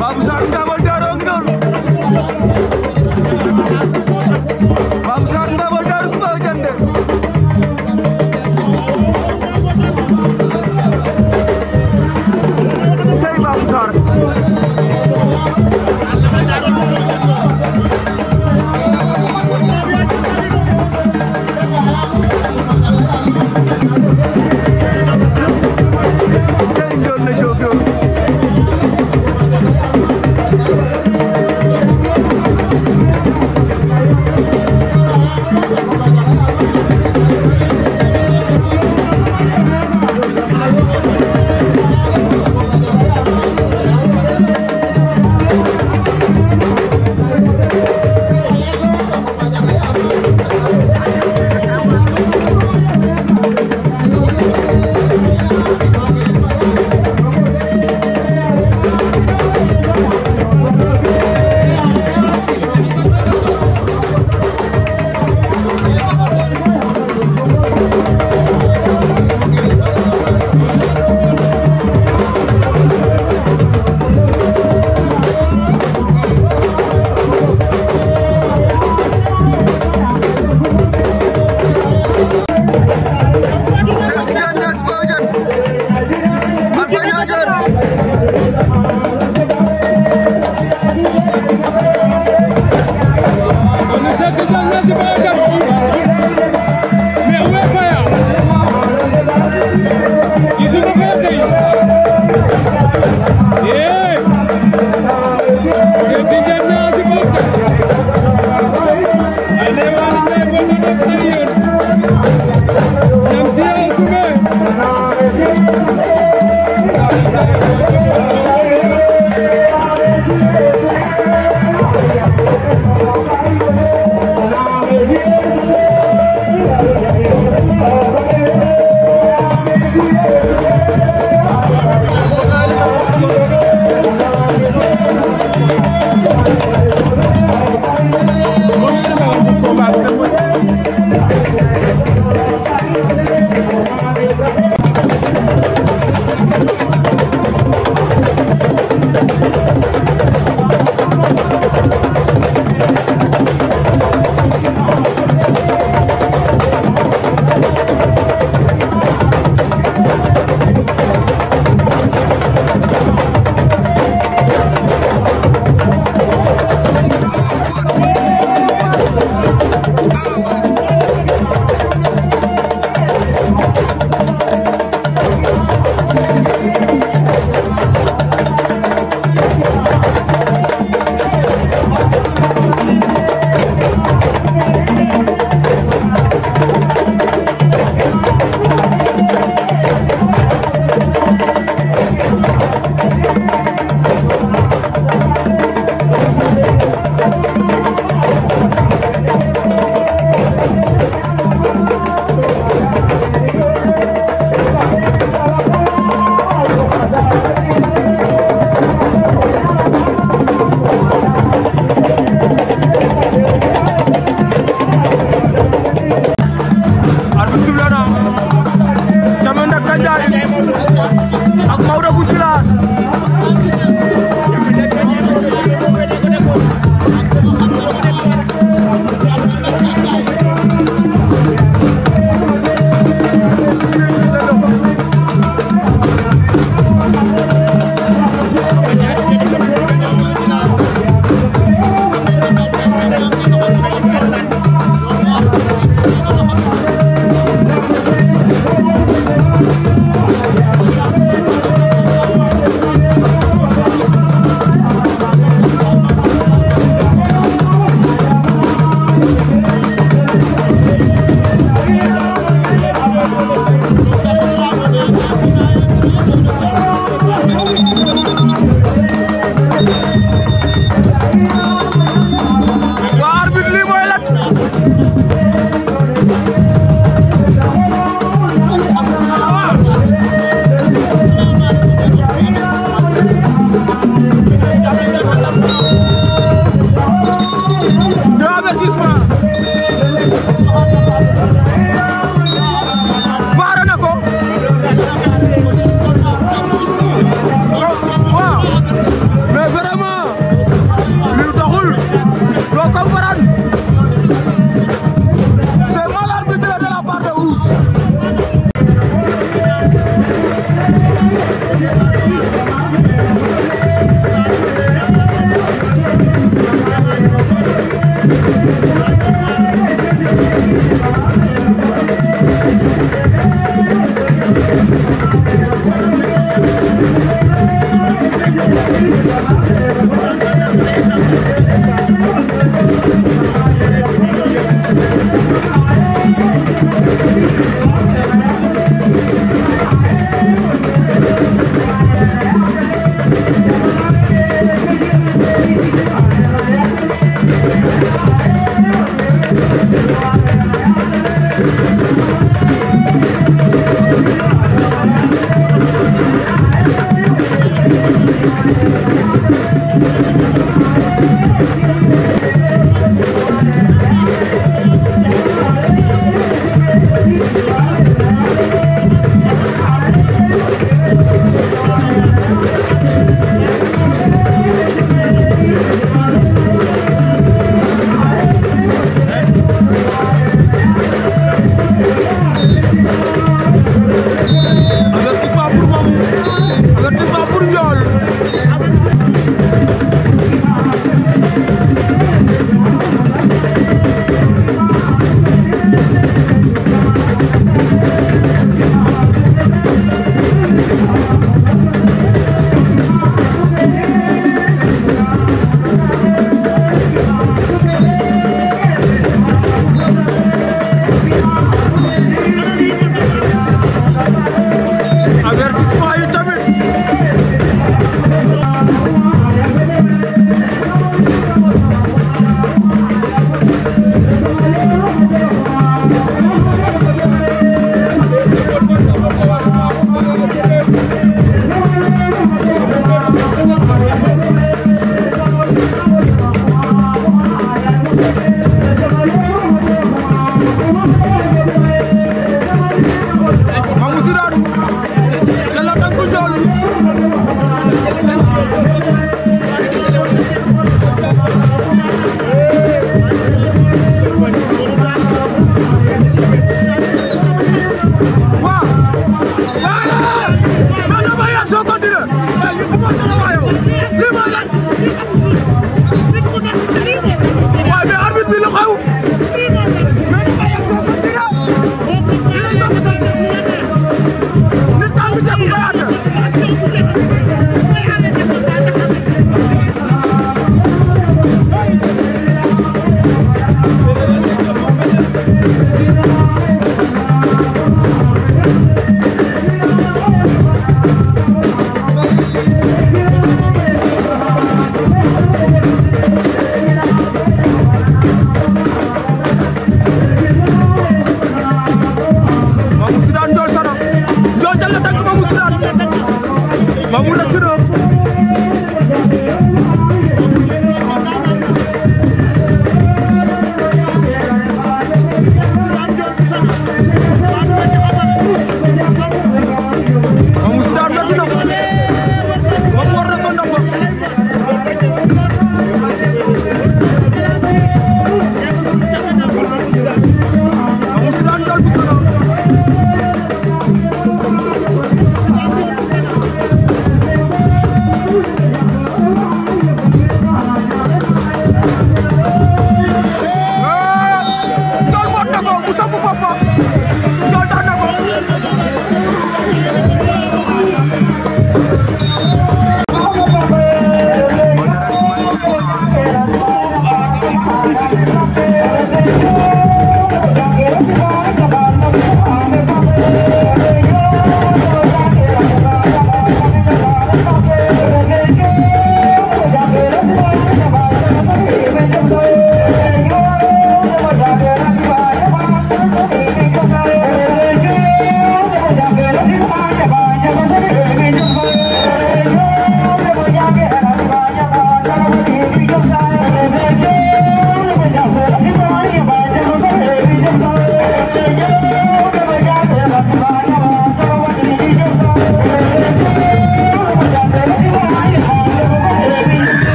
Kabzak'ta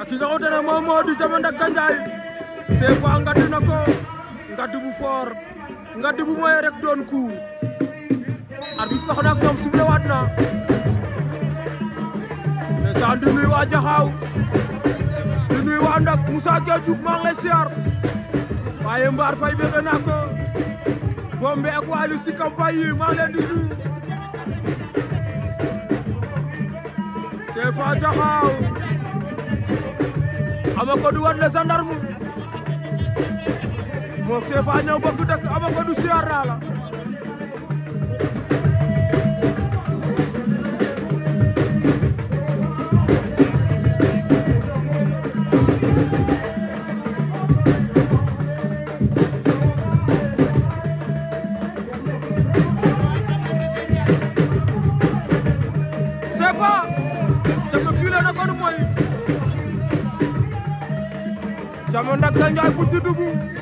ak ki nga xamante ne moom moo di jamono ak Gandiaye Secko ngand na ko ngand bu fort ngand bu mooy rek doon ku arbitre wax na ak ñoom sifflé waat na mais saa di nuyu waa di nuyu waa Ndak Moussa Diop maa ngi lay siyaar waaye Mbaar Faye bëgg naa ak waa Lucie campagne yi maa di nuyu. des fois taxaw Amacodou war na gendarme moog c'est pas ñëw bokk dëkk Amacodou siyaar naa la ci dugg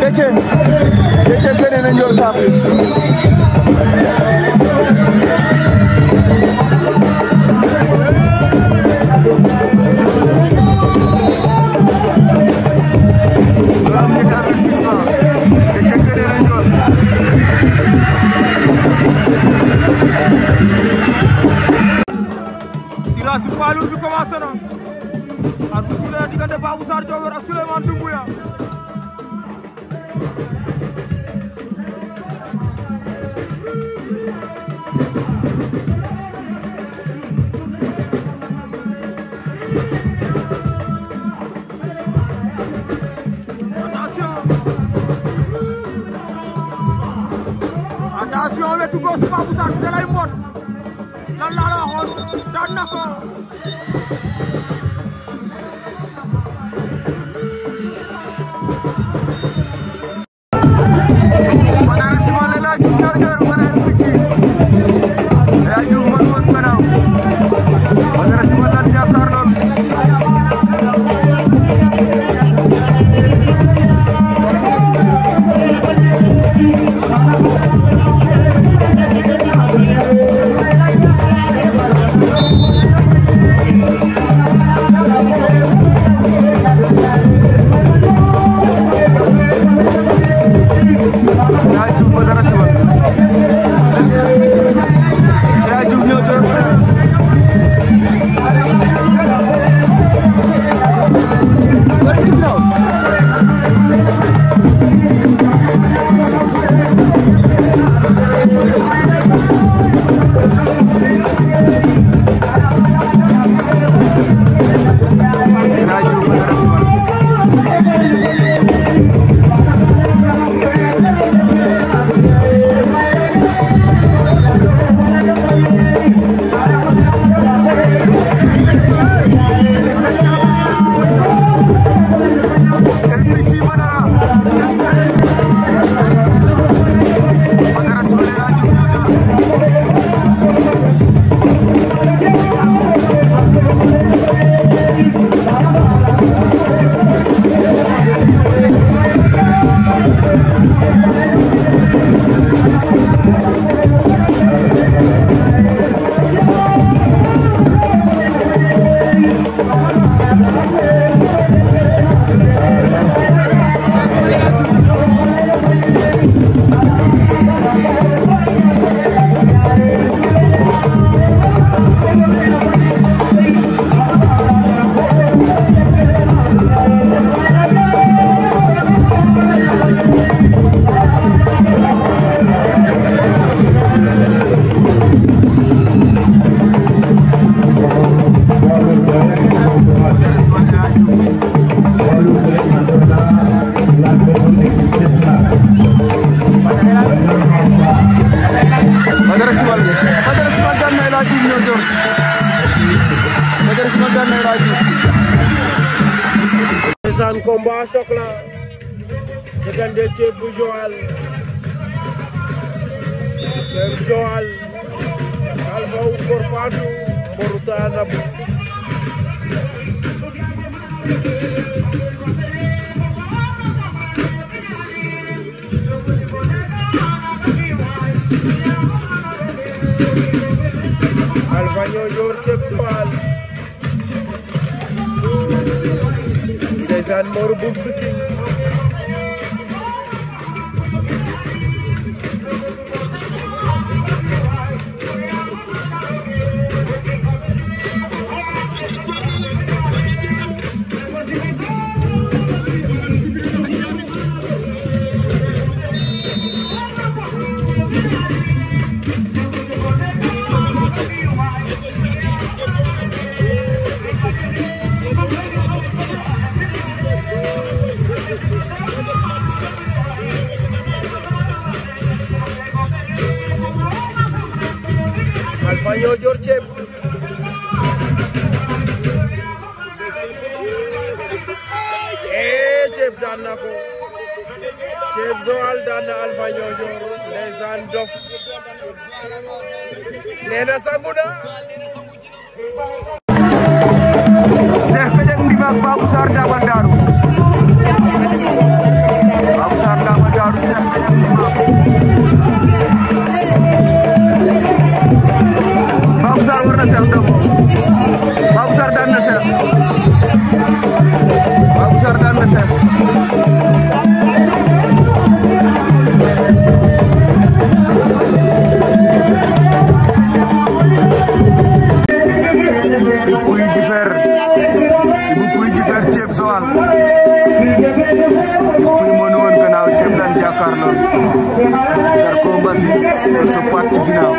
Peki. Geçerken hemen görüş abi. Babou Sarr Diofior ak Souleymane Fall ku ñu mënu woon gannaaw ceeb lan jàkkaarloo Zarko Mbassis sa sa pat ci ginnaaw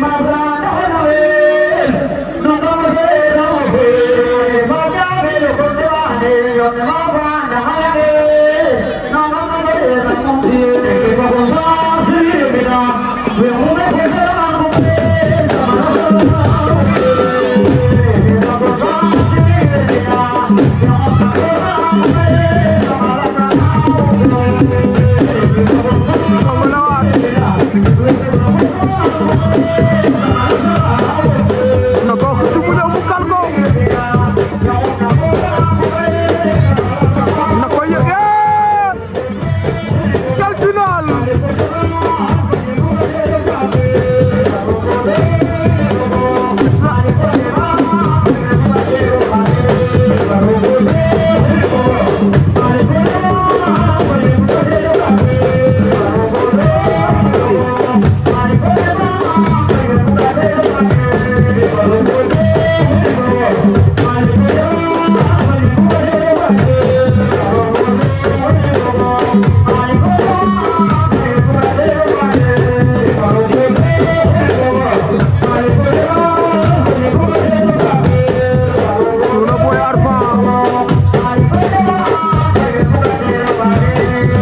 marra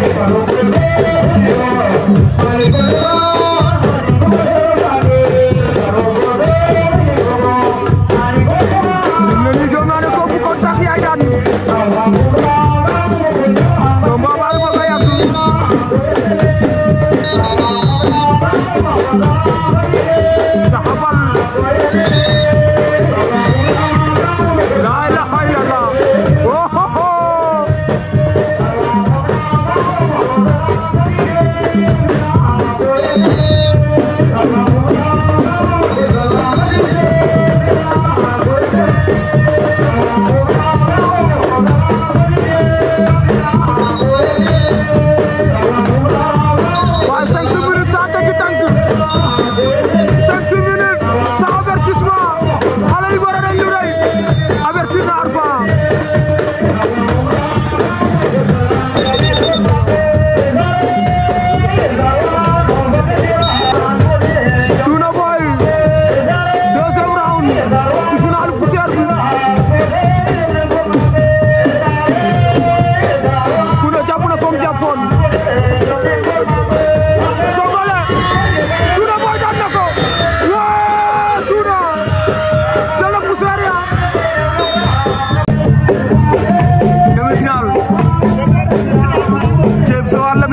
preparou primeiro.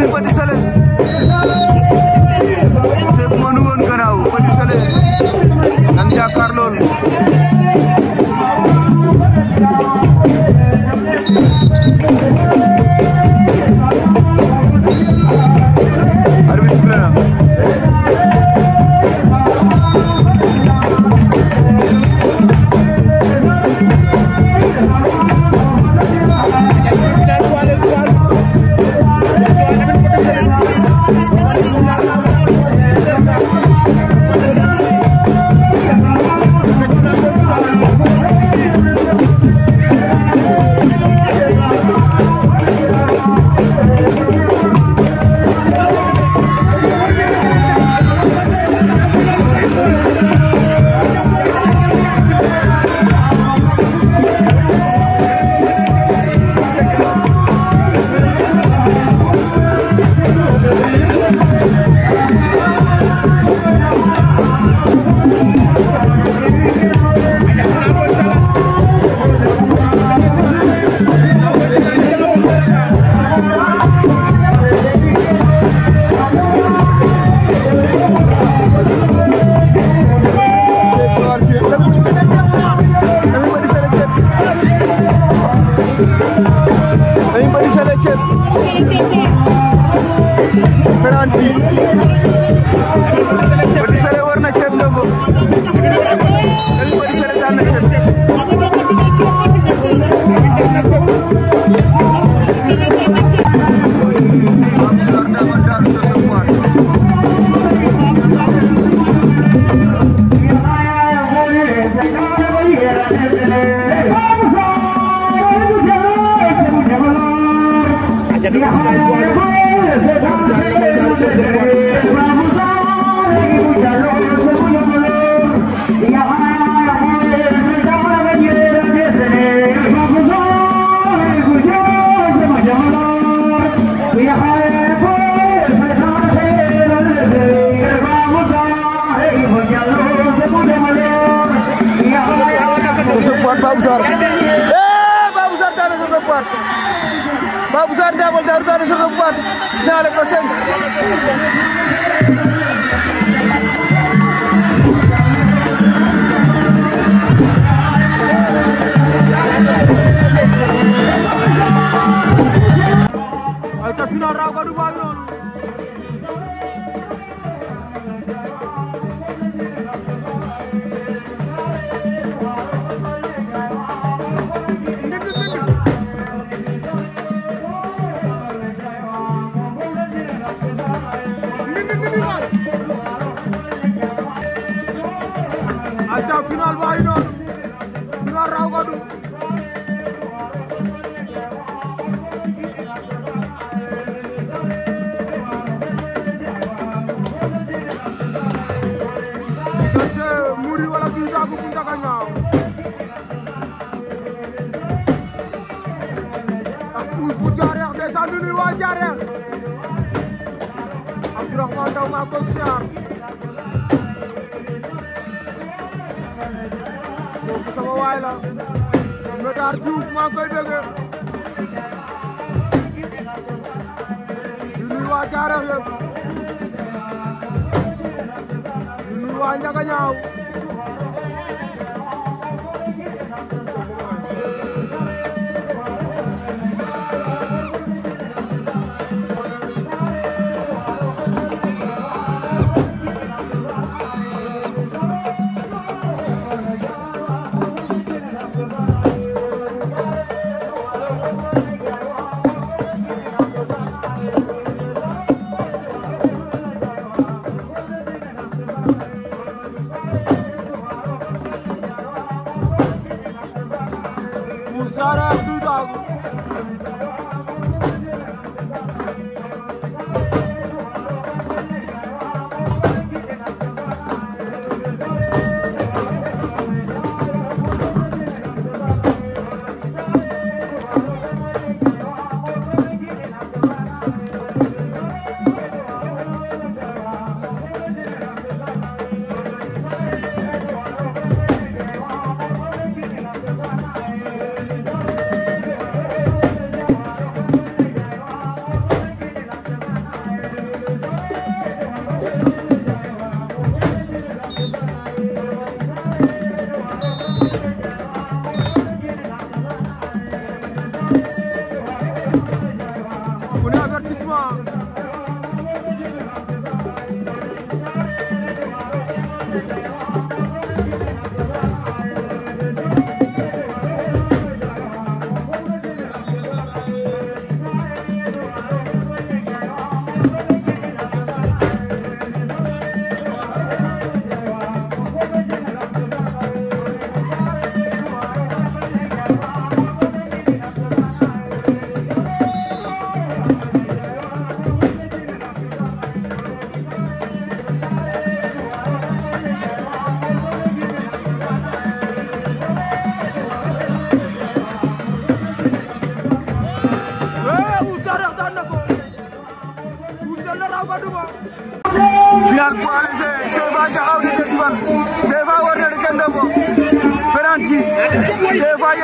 what is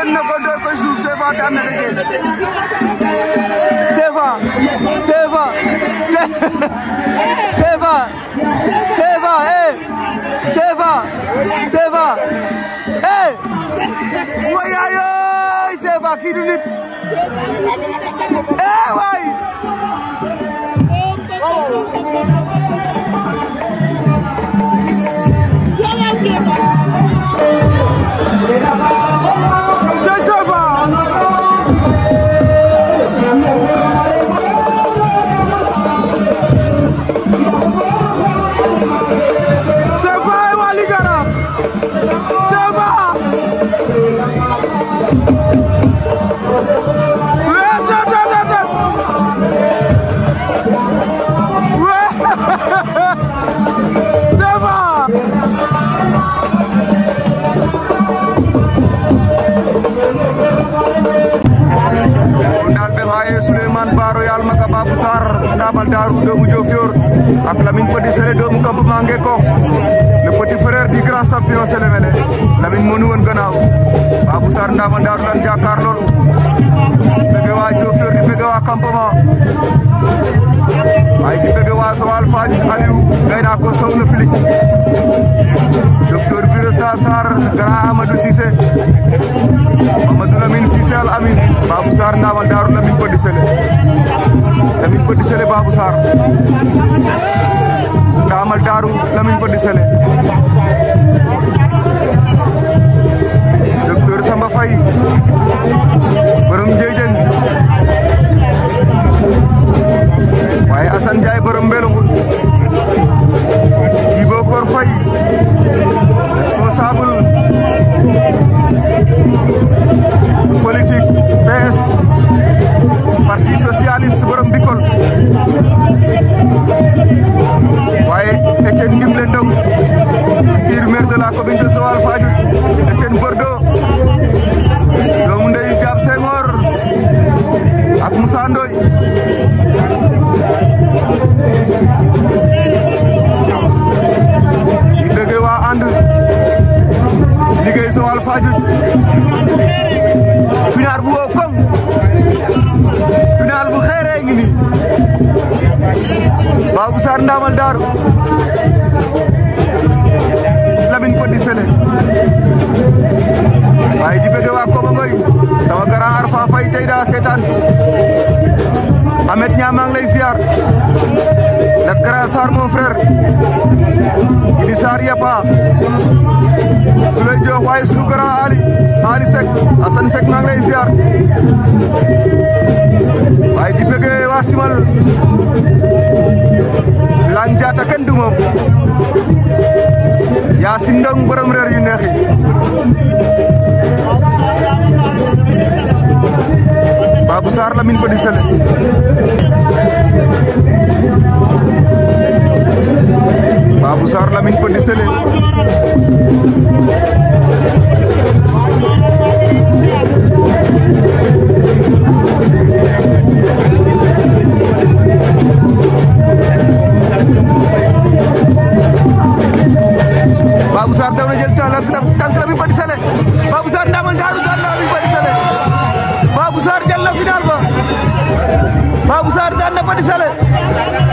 jël na ko doo ko suuf CFA daan na la jël du nit eh waay Ndakaaru doomu Diofior ak Lamine Petit Sélé doomu campement Ngeko le petit frère du grand champion Sélé Mélé Lamine mënu woon gannaaw Babou Sarr Ndama Ndaaru lan jàkkaar lool bëgg waa Diofior di bëgg waa waaye di bëgg waa Joal Fadiouth Aliou Gaynde ko sow na filig docteur Birassa Sarr grand Amadou Cissé Mamadou Lamine Cissé Al Amin Babou Sarr ndaamal Daaru Lamine Podi Sele Lamine Podi Sele Babou Sarr ndaamal Daaru Lamine Podi Sele docteur Samba Faye borom Ndiédiène waaye Assane Ndiaye borom Mbelongout kii boo koor fay responsable politique PS parti socialiste borom Bikol waaye Etienne Ndimle Ndong futur maire de la commune de Joal Fadiouth Etienne Bordeaux doomu ndeyu Diab Senghor ak Moussa Joal Fadiouth final bu woo koŋ final bu xeeree ngi nii Babou Sarr Ndamal Daaru Lamine Petit Sélé waaye di bëgg waa Koba Ngoy sama grand Arfa Faye tey daa seetaan si Amet ñaa maa lay ziar le grand Sarr mon frère Idi Sarr Yaba Souley Diop waaye sunu grand Ali Ali Seck Assane Seck maa ngi lay di bëggee waa Simal Lan Jaata kenn du moom yaa yu neexi Babou Babou Sarr Lamine Petit Sélé Babou Sarr daw na jël tànk Lamine Petit Sélé Babou Sarr ndaamal daaru daan Lamine Petit Sélé Babou Sarr jël na final ba Babou Sarr daan na Petit Sélé